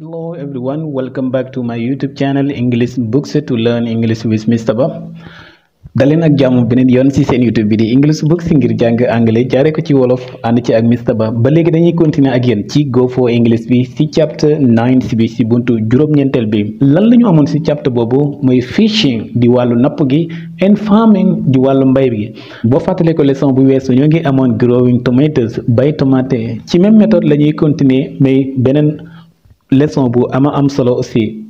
Hello everyone, welcome back to my YouTube channel English Books to learn English with Mr. Ba. daleen ak jàmm beneen yoon ci seen YouTube bi di English Books ngir jàng anglais jaaree ko ci wolof ànd ci ak Mr. Ba ba léegi dañuy continuer ak yéen ci Go English bi ci chapter bi ci buntu juróom-ñeenteel bi lan la ñu amoon ci chapter boobu mooy fishing di wàllu napp gi and farming di wàllu mbay bi boo fàttalee ko leçon bu weesu ñoo amoon growing tomatoes bay tomate lesson bu ama am solo aussi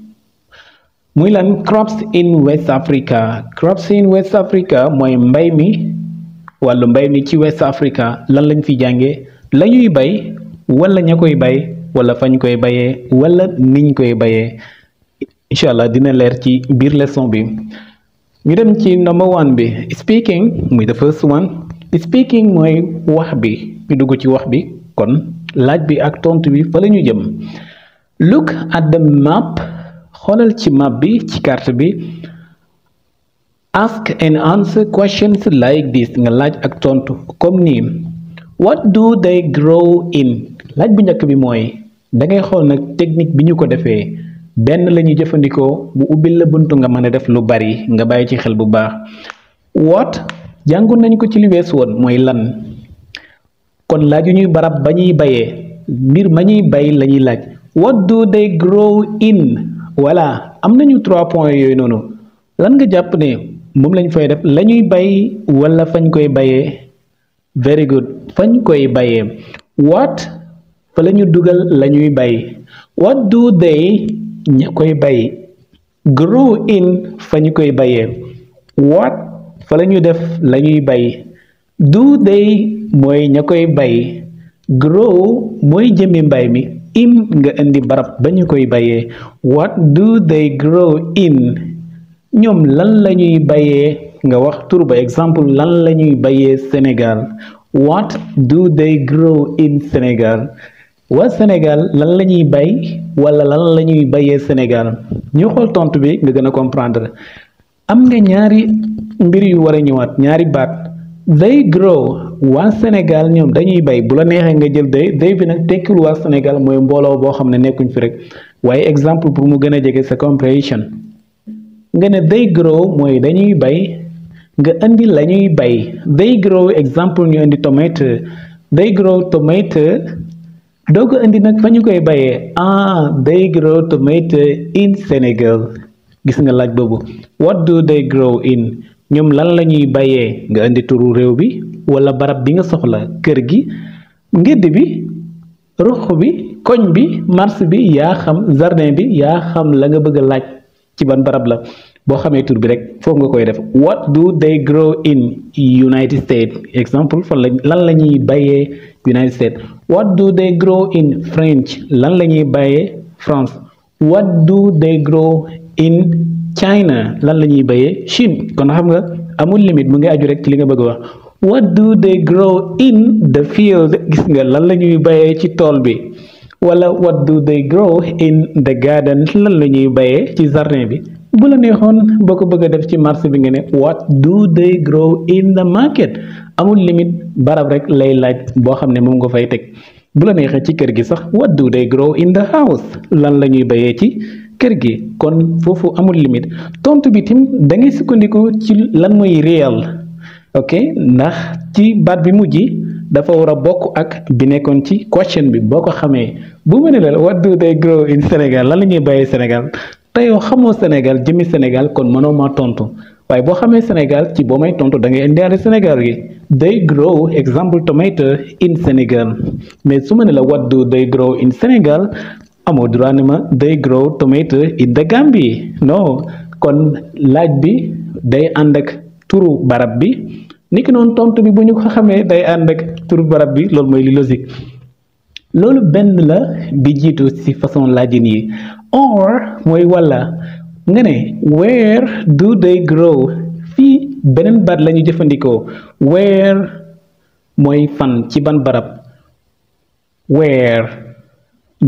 muy lan crops in West Africa crops in West Africa mooy mbay mi wàllu mbay mi ci West Africa lan lañ fi jànge lañuy bay walla ña koy bay wala fañ koy bayee walla niñ koy bayee incha allah dina leer ci biir lesson bi ñu dem ci number one bi speaking muy the first one speaking mooy wax bi ñu dugg ci wax bi kon laaj bi ak tontu bi fa la jëm look at the map xoolal ci map bi ci kart bi ask and answer questions like this nga laaj ak tontu comme nii what do they grow in laaj bu njëkk bi mooy dangay ngay xool nag technique bi ñu ko defee benn lañuy jëfandikoo bu ubbil la bunt nga mën a def lu bari nga bàyyi ci xel bu baax what jàngoon nañu ko ci li wees woon mooy lan kon laaj yu ñuy barab ba ñuy bayee mbir ma ñuy bay lañuy laaj what do they grow in voilà am nañu trois points yooyu noonu lan nga jàpp ne moom lañ fay def la ñuy bay walla fañ koy bayee very good fañ koy bayee what fa la ñu dugal la ñuy bay what do they ña koy bay grow in fa koy bayee what fa la ñu def la ñuy bay do they mooy ña koy bay grow mooy jëmmi mbay mi in nga indi barab ba ñu koy bayee what do they grow in ñoom lan la ñuy bayee nga wax tur exemple lan la ñuy bayee Sénégal what do they grow in Sénégal waa Sénégal lan la ñuy bay wala lan la ñuy bayee Sénégal ñu xool tontu bi nga gën a comprendre am nga ñaari mbir yu war a ñëwaat ñaari baat they grow waa Sénégal ñoom dañuy bay bu la neexee nga jël day day bi nag tekkil waa Sénégal mooy mbooloo boo xam ne nekkuñ fi rek waaye exemple pour mu gën a jege sa compréhension nga ne they grow mooy dañuy bay nga indi la ñuy bay they grow exemple ñu indi tomate they grow tomate doo ko indi nag fa koy bayee ah they grow tomate in Sénégal gis nga laaj boobu what do they grow in ñoom lan la ñuy bayee nga indi turu réew bi wala barab bi nga soxla kër gi ngédd bi ruq bi koñ bi marché bi yaa xam jardin bi yaa xam la nga bëgg laaj ci ban barab la boo xamee tur bi rek foofu nga koy def what do they grow in United States exemple fan la lan la ñuy bayee United States what do they grow in French lan la ñuy bayee France what do they grow in China lan la ñuy bayee Chine kon xam nga amul limite mu ngi aju rek ci li nga bëgg wax what do they grow in the field gis nga lan la ñuy bayee ci tool bi wala what do they grow in the garden lan la ñuy bayee ci jardin bi bu la neexoon boo ko bëgg def ci marché bi nga ne what do they grow in the market amul limite barab rek lay laaj boo xam ne moom nga fay teg bu la neexee ci kër gi sax what do they grow in the house lan la ñuy bayee ci kër gi kon foofu amul limite tontu bi tim da sukkandiku ci lan mooy réel ok ndax ci baat bi mujj dafa war a bokk ak bi nekkoon ci question bi boo ko xamee bu ma ne la what do grow in Sénégal lan la ñuy bàyyee Sénégal te xamoo Sénégal jëmi Sénégal kon mënoo ma tontu waaye boo xamee Sénégal ci boo may tontu da ngay Sénégal gi they grow example tomato in Sénégal mais su ma ne la what do they grow in Sénégal amoo droit ne ma they grow tomato in the Gambie non kon laaj bi day ànd ak. turu barab bi niki noonu tontu bi bu ñu ko xamee day ànd ak turu barab bi loolu mooy li logique loolu benn la bi jiitu ci façon laajin yi or mooy walla nga ne where do they grow fii beneen baat la jëfandikoo where mooy fan ci ban barab where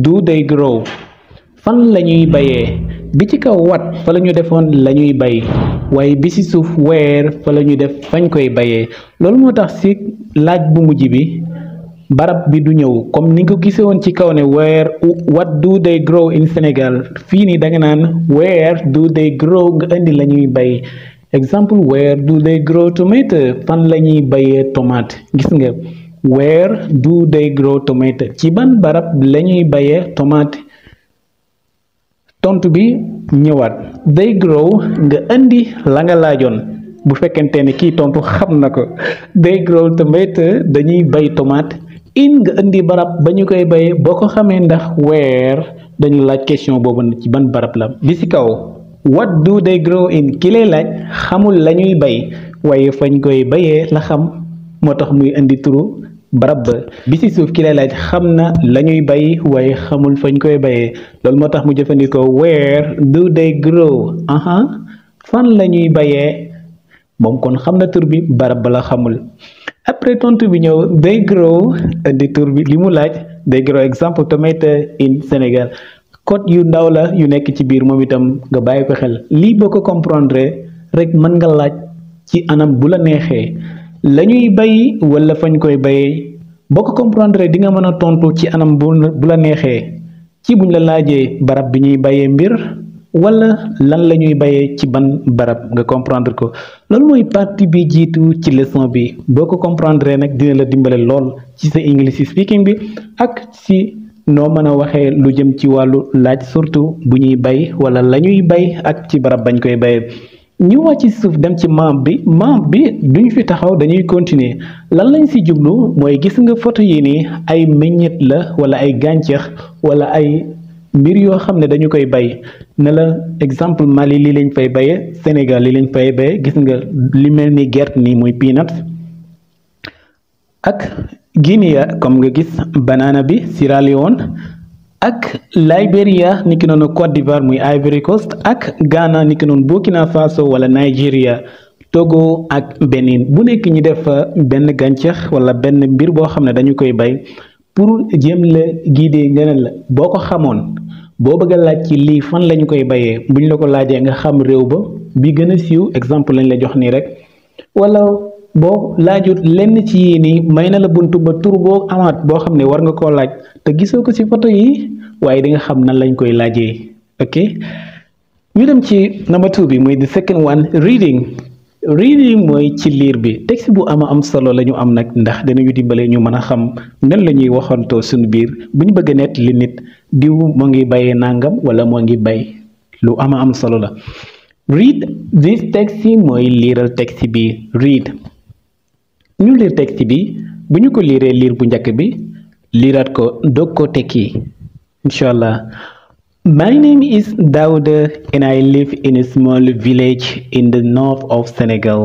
do they grow fan la ñuy bayee bi ci kaw wat fa la ñu defoon la ñuy bay waaye bi ci suuf weer fa la def fañ koy bayee loolu moo tax ci laaj bu mujj bi barab bi du ñëw comme ni nga ko gisee woon ci kaw ne where what do they grow in Sénégal fii nii da naan where du they grow nga indi la ñuy bay exemple where du they grow tomato fan la ñuy bayee tomate gis nga where do they grow tomato ci ban barab lañuy bayee tomate tontu bi ñëwaat day grow nga indi la laajoon bu fekkente ne kii tontu xam na ko day grow tamit dañuy bay tomaat in nga indi barab ba ñu koy bayee boo ko xamee ndax weer dañu laaj question boobu ci ban barab la bi ci kaw what do they grow in ki laaj xamul la ñuy bay waaye fañ koy bayee la xam moo tax muy indi turu barab ba bi si suuf ki lay laaj xam na la ñuy bay waaye xamul fañ koy bayee loolu moo tax mu jëfandikoo where do they grow aha fan la ñuy bayee moom kon xam na tur bi barab ba la xamul après tontu bi ñëw they grow indi tur bi li mu laaj they grow exemple tomato in Sénégal code yu ndaw la yu nekk ci biir moom itam nga bàyyi ko xel lii boo ko comprendre rek mën nga laaj ci anam bu la neexee la ñuy bay wala fañ koy bayee boo ko comprendre di nga mën a tontu ci anam bu bu la neexee ci buñ la laajee barab bi ñuy bayee mbir wala lan la ñuy bayee ci ban barab nga comprendre ko loolu mooy partie bi jiitu ci leçon bi boo ko comprendre nag dina la dimbale lool ci sa English speaking bi ak si noo mën a waxee lu jëm ci wàllu laaj surtout bu ñuy bay wala lañuy bay ak ci barab bañ koy bayee. ñi wàcc ci suuf dem ci membre bi membre bi du ñu fi taxaw dañuy continuer lan lañ ci jublu mooy gis nga photo yi nii ay meññeet la wala ay gàncax wala ay mbir yoo xam ne dañu koy bay ne la exemple Mali lii lañ fay bay Sénégal lii lañ fay bayee gis nga li mel ni gerte nii muy peanuts ak Guinée comme nga gis banaana bi Sierra Leone ak Liberia niki noonu Côte d'Ivoire muy Ivory Coast ak Ghana niki noonu Burkina Faso wala Nigeria Togo ak Benin bu nekk ñi def benn gàncax wala benn mbir boo xam ne dañu koy bay pour jéem la guider ngeneen la boo ko xamoon boo bëgg a laaj ci lii fan lañu koy bayee bu ñu la ko laajee nga xam réew ba bi gën a siiw exemple lañ la jox nii rek boo laaju lenn ci yii nii may na la buntu ba tur boo amaat boo xam ne war nga koo laaj te gisoo ko ci photo yi waaye di nga xam nan lañ koy laajee ok ñu dem ci number two bi muy the second one reading reading mooy ci liir bi texte bu ama am solo lañu am nag ndax dinañu dimbale ñu mën a xam nan la ñuy waxantoo suñu biir bu ñu bëgg a nett nit diw moo ngi bayee nàngam wala moo ngi bay lu ama am solo la read this text yi mooy liiral texte bi read ñu liir texte bi bu ñu ko liiree liir bu njëkk bi liiraat ko dog ko tekki incha allah my name is Daouda and I live in a small village in the north of Senegal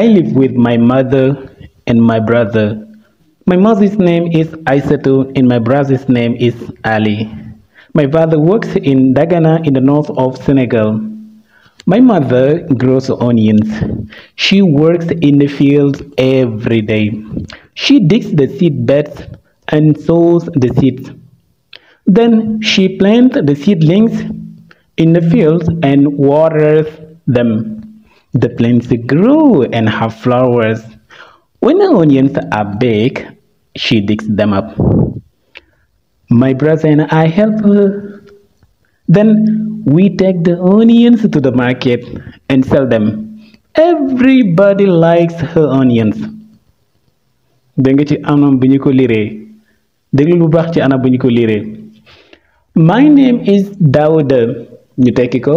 I live with my mother and my brother my mother's name is Aissatou and my brother's name is Ali my father works in Dagana in the north of Senegal My mother grows onions. She works in the fields every day. She digs the seed beds and sows the seeds. Then she plants the seedlings in the fields and waters them. The plants grow and have flowers. When the onions are big, she digs them up. My brother and I help her Then we take the onions to the market and sell Everybody likes her onions. da nga ci anam bi ñu ko liree déglu bu baax ci anam bu ñu ko liire My name is Daouda ñu tekki ko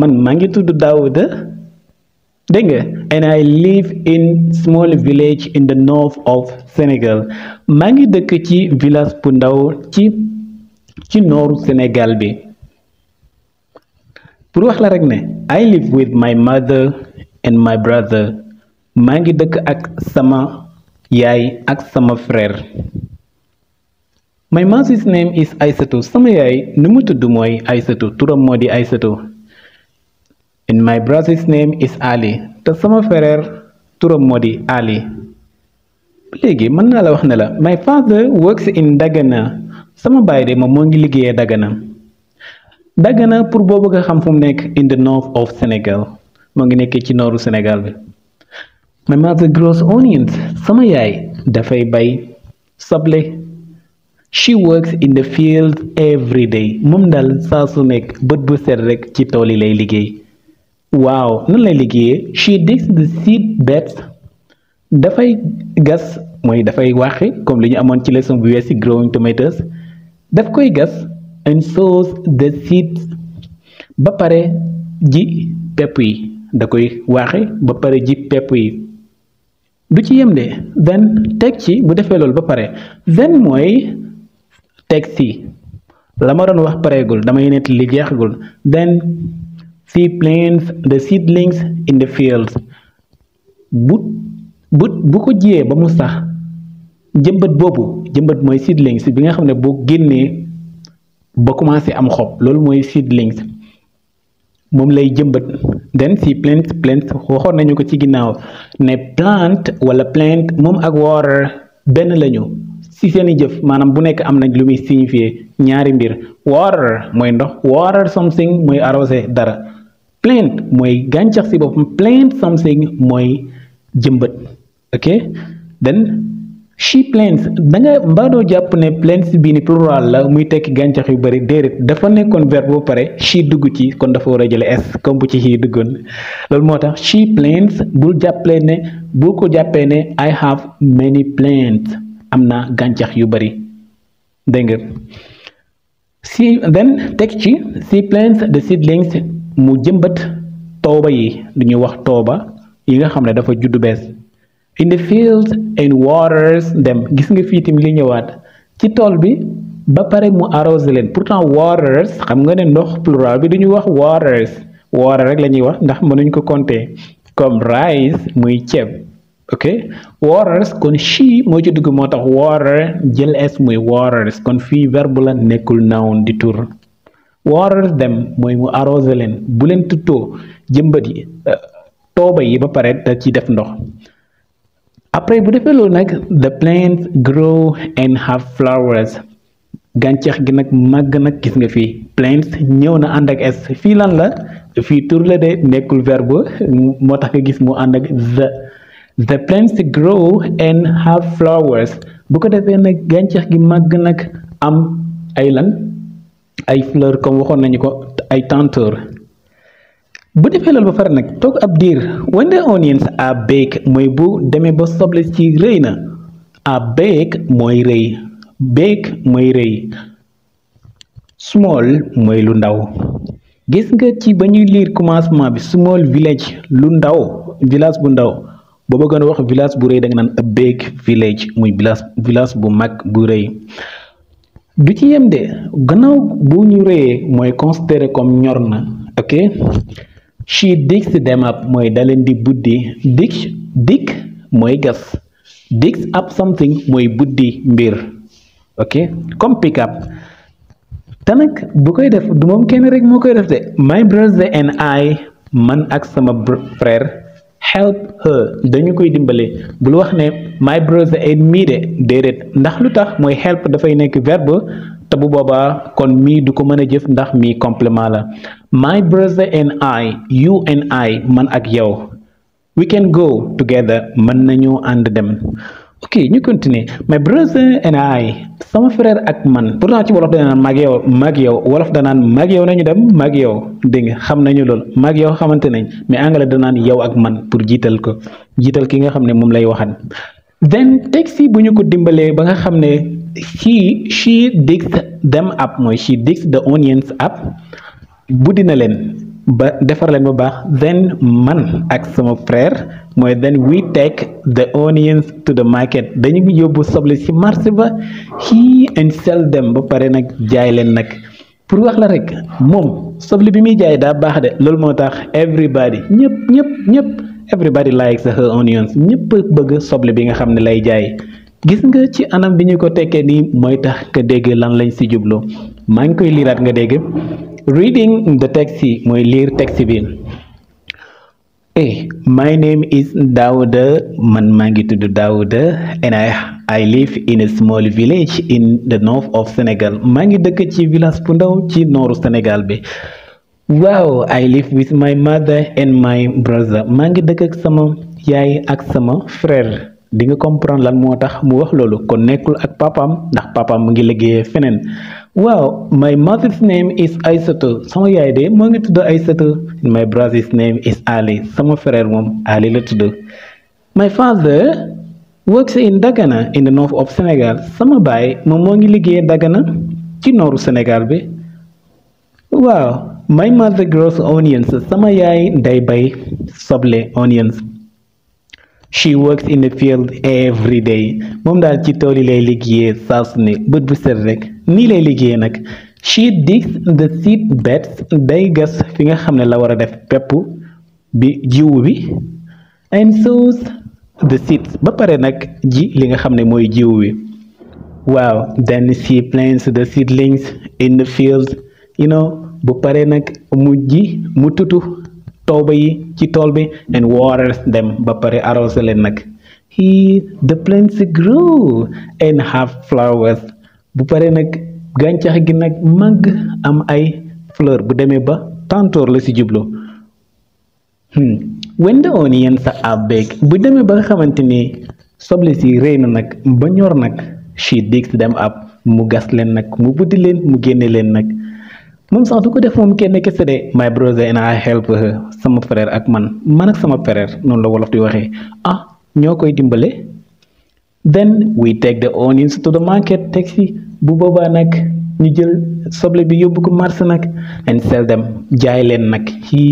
man maa ngi tudd Daouda dégg nga and I live in small village in the north of Sénégal maa ngi dëkk ci village bu ndaw ci ci nooru senegal bi. pour wax la rek ne I live with my mother and my brother maa ngi dëkk ak sama yaay ak sama frère my mother's name is Aysatu sama yaay nu mu tudd mooy Aysatu turam moo di Aysatu and my brother's name is Ali te sama frère turam moo di Ali léegi mën naa la wax ne la my father works in Dagana sama baay de moom moo ngi liggéeyee Dagana Dagana pour boo bëgg a xam fu mu nekk in the north of senegal moo ngi nekkee ci nooru senegal bi my mother grows onions sama yaay dafay bay soble she works in the field every day moom daal saa su nekk bët bu set rekk ci tool yi lay liggéey waaw nan lay liggéeyee she digs the seed beds dafay gas mooy dafay waxi comme li ñu amoon ci lesson bu weesi growing tomatoes daf koy gas and sows the seeds ba pare ji pepp yi da koy waaxe ba pare ji pepp yi du ci yem de then teg ci bu defee loolu ba pare then mooy teg ci la ma doon wax pareegul damay nett li jeexagul then she plants the seedlings in the fields bu bu bu ko jiyee ba mu sax jëmbët boobu jëmbat mooy seedlings bi nga xam ne bu génnee ba commencé am xob loolu mooy seedlings moom lay jëmbat den si plant plant waxoon nañu ko ci ginnaaw ne plante wala plant moom ak water benn lañu si seeni jëf maanaam bu nekk am na lu muy signifier ñaari mbir water mooy ndox water something mooy arrosé dara plant mooy gàncax si boppam plant something mooy jëmbat ok then she plants da jàpp ne plants bii ni plural la muy tekki gàncax yu bari déedéet dafa nekkoon verbe boo pare she dugg ci kon dafa war a jële s comme bu ci xii duggoon loolu moo tax she bul jàppale ne bul ko jàppee ne I have many plants am na gàncax yu bari dégg si then teg ci she plants the seedlings mu jëmbët tooba yi lu ñuy wax tooba yi nga xam ne dafa juddu bees in the field and waters them gis nga fii tamit li ñëwaat ci tool bi ba pare mu arrosé leen pourtant waters xam nga ne ndox plural bi duñu wax waters water rek la ñuy wax ndax mënuñ ko compter comme rice muy ceeb ok waters kon she moo ci dugg moo tax water jël s muy waters kon fii verbe la nekkul noun di tur waters dem mooy mu arrosé leen bu leen tuttoo jëmbët yi euh, tooba yi ba pare da ci def ndox après bu defee loolu nag the plants grow and have flowers gàncax gi nag màgg nag gis nga fii plants ñëw na ànd ak s fii lan la fii tur la de nekkul verbe moo tax nga gis mu ànd ak the the plants grow and have flowers bu ko defee nag gàncax gi màgg nag am ay lan ay fleur comme waxoon nañu ko ay tanteur bu defee loolu ba pare nag toog ab diir when the onions are baked mooy bu demee ba soble ci rëy na are baked mooy rëy baked mooy rëy small mooy lu ndaw gis nga ci ba ñuy liir commencement bi small village lu ndaw village bu ndaw boo bëggoon a wax village bu rëy da nga naan a big village muy village village bu mag bu rëy du ci yem de gannaaw bu ñu rëyee mooy considéré comme ñor na ok she digs them up mooy daleen di buddi dig dig mooy gas digs up something mooy buddi mbir ok comme pick up te nag bu koy def du moom kenn rek moo koy def de my brother and I man ak sama frère help her dañu koy dimbale bul wax ne my brother and me de déedéet ndax lu tax mooy help dafay nekk verbe te bu boobaa kon mii du ko mën a jëf ndax mii complément la My brother and I, you and I, man ak yow. We can go together, mën nañu ànd dem. ok ñu continuer my brother and I sama frère ak man pourtant ci wolof danaan mag yow mag yow wolof danaan mag yow nañu dem mag yow dégg xam nañu lool mag yow xamante nañ mais anglais naan yow ak man pour jiital ko jiital ki nga xam ne moom lay waxan then taxi bu ñu ko dimbalee ba nga xam ne he she digs them up mooy she digs the onions up buddi na leen ba defar leen bu baax then man ak sama frère mooy then we take the onions to the market dañu yóbbu soble ci marché ba he and sell them ba pare nag jaay leen nag pour wax la rek moom soble bi muy jaay daa baax de loolu moo tax everybody ñëpp ñëpp ñëpp everybody likes her onions ñëpp bëgg soble bi nga xam ne lay jaay gis nga ci anam bi ñu ko tekkee nii mooy tax nga dégg lan lañ si jubloo maa ngi koy liiraat nga dégg reading the text mooy liir texte bi hey eh, my name is Daouda man maa ngi tudd Daouda and I I live in a small village in the north of Sénégal maa ngi dëkk ci village bu ndaw ci nooru senegal bi waaw I live with my mother and my brother maa ngi dëkk sama yaay ak sama frère di nga lan moo tax mu wax loolu kon nekkul ak papaam ndax papaam mu ngi liggéeyee feneen. waaw my mother's name is Aysatu sama yaay de moo ngi tudd Aysatu my brother's name is Ali sama frère moom Ali la tudd my father works in Dagana in the north of Sénégal sama baay moom moo ngi liggéey Dagana ci nooru senegal bi waaw my mother grows onions sama yaay day bay soble onions she works in the field every day moom daal ci tool yi lay liggéey saa su ne bët bu set rek nii lay liggéey nag she digs the seed beds day gas fi nga xam ne la war a def pepp bi jiwu bi and sows the seeds ba pare nag ji li nga xam ne mooy jiw bi waaw then she plants the seedlings in the fields you know bu pare nag mu ji mu tutu tooba yi ci tool bi and water dem ba pare arrosé leen nag he the plants grow and have flowers bu pare nag gàncax gi nag màgg am ay fleur bu demee ba tàntoor la si jublu hmm. when the onions are big bu demee ba xamante ni soble si rëy na nag ba ñor nag she digs them up mu gas leen nag mu buddi leen mu génne leen nag moom sax du ko def moom kenn kese de my brother and I help sama frère ak man man sama frère noonu la wolof di waxee ah ñoo koy dimbale then we take the onions to the market taxi bu boobaa nag ñu jël soble bi yóbbu ko marché nag and sell jaay leen nag he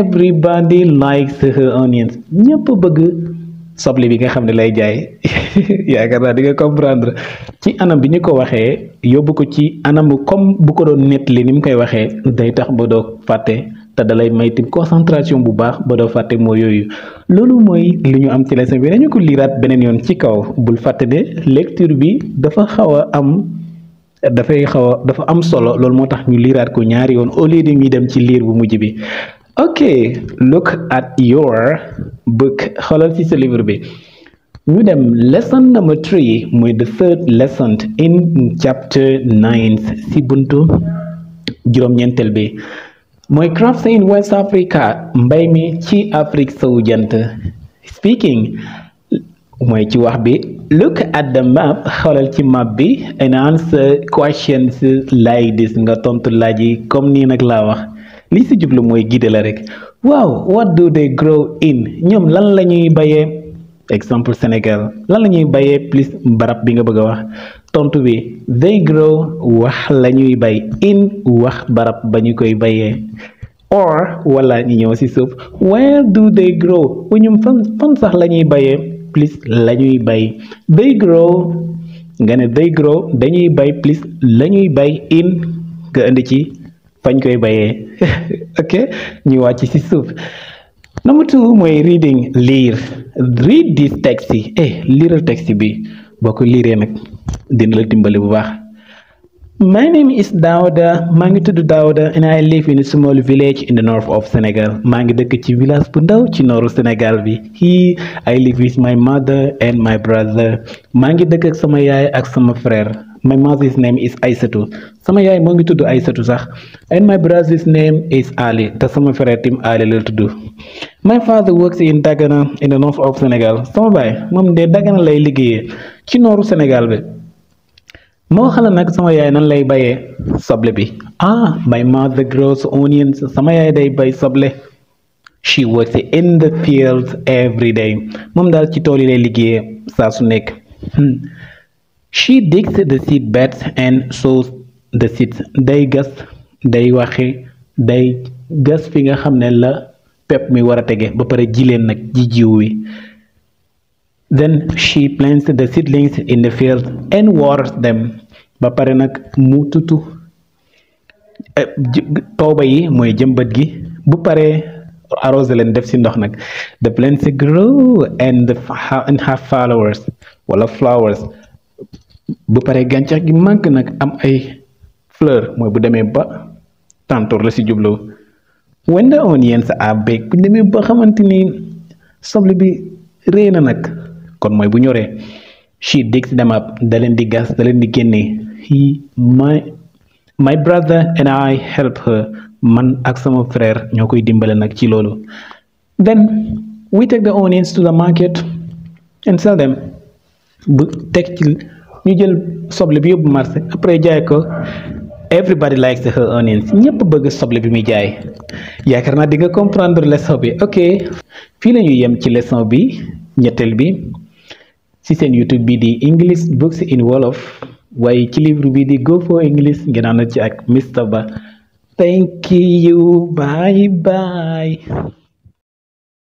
everybody likes her onions ñëpp bëgg soble bi nga xam ne lay jaay yaakaar naa di nga comprendre ci anam bi ñu ko waxee yóbbu ko ci anam comme bu ko doon nettali ni mu koy waxee day tax ba doo fàtte te dalay may tim concentration bu baax ba doo fàtte moo yooyu loolu mooy li ñu am ci leçon bi nañu ko liiraat beneen yoon ci kaw bul fàtte de lecture bi dafa xaw a am dafay xaw a dafa am solo loolu moo tax ñu liiraat ko ñaari yoon au lieu de ñuy dem ci liir bu mujj bi ok look at your book xoolal ci sa livre bi ñu dem lesson number three muy the third lesson in chapter nine si buntu juróom-ñeenteel bi mooy crops in West Africa mbay mi ci Afrique sowu jant speaking mooy ci wax bi look at the map xoolal ci map bi and answer questions like this nga tontu laaj yi comme nii nag la wax. li si jublu mooy guider la rek waaw what do they grow in ñoom lan la ñuy bayee exemple Sénégal lan la ñuy bayee plus barab bi nga bëgg a wax tontu bi they grow wax la ñuy bay in wax barab ba ñu koy bayee or wala ñu ñëw si suuf where do they grow u ñum fan fan sax la ñuy bayee plus la ñuy bay they grow nga ne they grow dañuy bay plus la ñuy bay in nga indi ci fañ koy bayee ok ñu wàcc si suuf number two mooy reading liir read di text yi eh liiral text bi boo ko liiree nag dina la dimbali bu baax My name is Daouda maa ngi tudd Daouda and I live in a small village in the north of Senegal maa ngi dëkk ci village bu ndaw ci nooru Senegal bi here I live with my mother and my brother maa ngi dëkk sama yaay ak sama frère my mother's name is Aysatu sama yaay moo ngi tudd Aysatu sax and my brother's name is Ali te sama frère tim Ali la tudd my father works in Dagana in the north of Senegal sama baay moom de Dagana lay liggéeyee ci nooru Senegal bi moo xalaat nag sama yaay nan lay bayee soble bi ah my mother grows onions sama yaay day bay soble she works in the fields every day moom daal ci tool yi lay liggéeyee saa su nekk hmm. she digs the seed beds and sows the seeds day gas day waxi day gas fi nga xam ne la pepp mi war a tege ba pare ji leen nag ji jiw wi then she plants the seedlings in the field and waters them ba pare nag mu tutu eh, tooba yi mooy jëmbët gi bu paree arrosé leen def ci ndox nag the plants grow and the and have wala flowers bu pare gàncax gi mànk nag am ay fleur mooy bu demee ba tàntoor la ci jublu when the onions are big bu demee ba xamante ni soble bi réy na nag kon mooy bu ñoree she digs them daleen di gas da di génne he my brother and I help her man ak sama frère ñoo koy dimbale nag ci loolu then we take the onions to the market and sell them bu teg ci ñu jël soble bi yóbbu marché après jaay ko everybody likes the her onions ñëpp bëgg soble bi muy jaay yaakaar naa di nga comprendre leçon bi ok fii la ñuy yem ci leçon bi ñetteel bi ci seen YouTube bi di English Books in Wolof waaye ci livre bi di Go for English ngeen ànd ci ak Mr Ba thank you bye bye